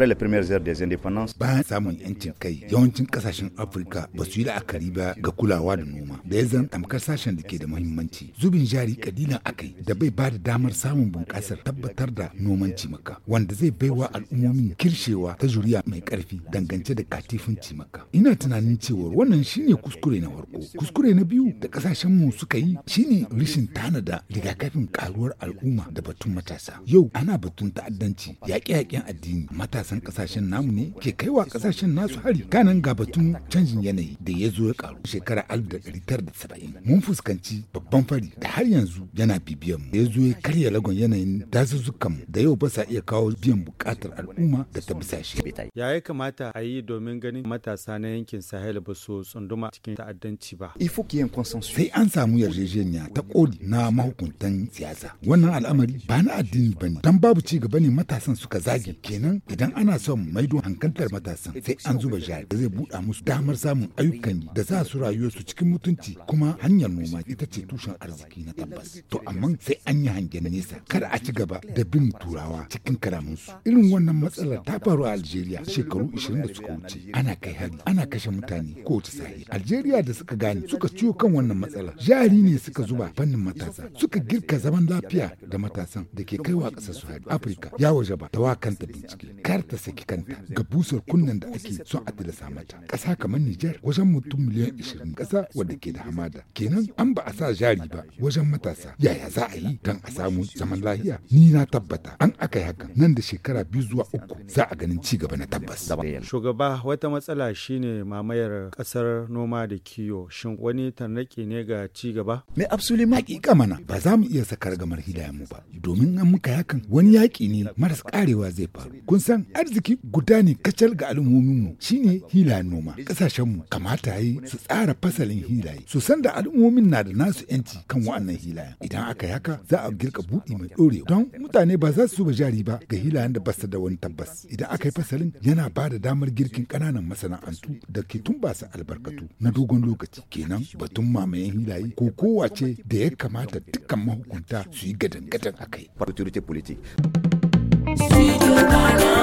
après les premières heures des indépendances bayan samun yancin kai yawancin kasashen afirka ba su yi la'akari ba ga kulawa da noma da ya zan tamkar sashen da ke da muhimmanci zubin jari kadilan akai da bai ba da damar samun bunƙasar tabbatar da noman cimaka wanda zai baiwa al'ummomin kirshewa ta juriya mai ƙarfi dangance da katifin cimaka ina tunanin cewa wannan shine kuskure na farko kuskure na biyu da kasashen mu suka yi shine rishin tanada rigakafin karuwar al'umma da batun matasa yau ana batun ta'addanci yaƙe-yaƙen addini matasa matasan kasashen namu ne ke wa kasashen nasu hari kanan ga batun canjin yanayi da ya zo ya karu shekara alif da da tara saba'in mun fuskanci babban fari da har yanzu yana bibiyan mu ya zo ya karya lagon yanayin dazuzzukan da yau ba sa iya kawo biyan bukatar al'umma da ta bisa shi ya ya kamata a yi domin ganin matasa na yankin sahel ba su tsunduma cikin ta'addanci ba sai an samu yarjejeniya ta koli na mahukuntan siyasa wannan al'amari ba na addini ne. dan babu ci gaba ne matasan suka zage kenan idan ana son maido hankantar matasan sai an zuba jari da zai buɗa musu damar samun ayyukan yi da za su su cikin mutunci kuma hanyar noma ita ce tushen arziki na tabbas to amma sai an yi hangen nesa kada a ci gaba da bin turawa cikin karaminsu irin wannan matsala ta faru a algeria shekaru 20 da suka wuce ana kai hari ana kashe mutane kowace sahi aljeriya da suka gane suka ciyo kan wannan matsala. jari ne suka zuba fannin matasa suka girka zaman lafiya da matasan da ke kaiwa ƙasar su hari afirka ya waje ba ta kanta bincike Nijar ta saki kanta ga busar kunnen da ake son a tilasa mata. kasa kamar Nijar wajen mutum miliyan 20 kasa wadda ke da hamada. Kenan an ba a sa jari ba wajen matasa. Yaya za a yi don a samu zaman lahiya? Ni na tabbata an aka yi hakan nan da shekara biyu zuwa uku za a ganin ci gaba na tabbas. Shugaba wata matsala shine mamayar ƙasar noma da kiwo. Shin wani tarnaƙi ne ga ci gaba? Mai absoli maƙiƙa mana ba za mu iya sakar gamar hidayen mu ba. Domin an muka hakan wani yaƙi ne maras ƙarewa zai faru. Kun san arziki guda ne kacal ga al'ummominmu shine hilayen noma ƙasashenmu kamata yi su tsara fasalin hilaye su san da al'ummomin na da nasu yanci kan wa'annan hilayen idan aka yi haka za a girka buɗi mai ɗorewa don mutane ba za su zuba jari ba ga hilayen da basta da wani tabbas idan aka yi fasalin yana ba da damar girkin ƙananan masana'antu da ke tun tumbasa albarkatu na dogon lokaci kenan batun mamayen hilaye ko kowace da ya kamata dukkan mahukunta su yi gadan-gadan a kai. Studio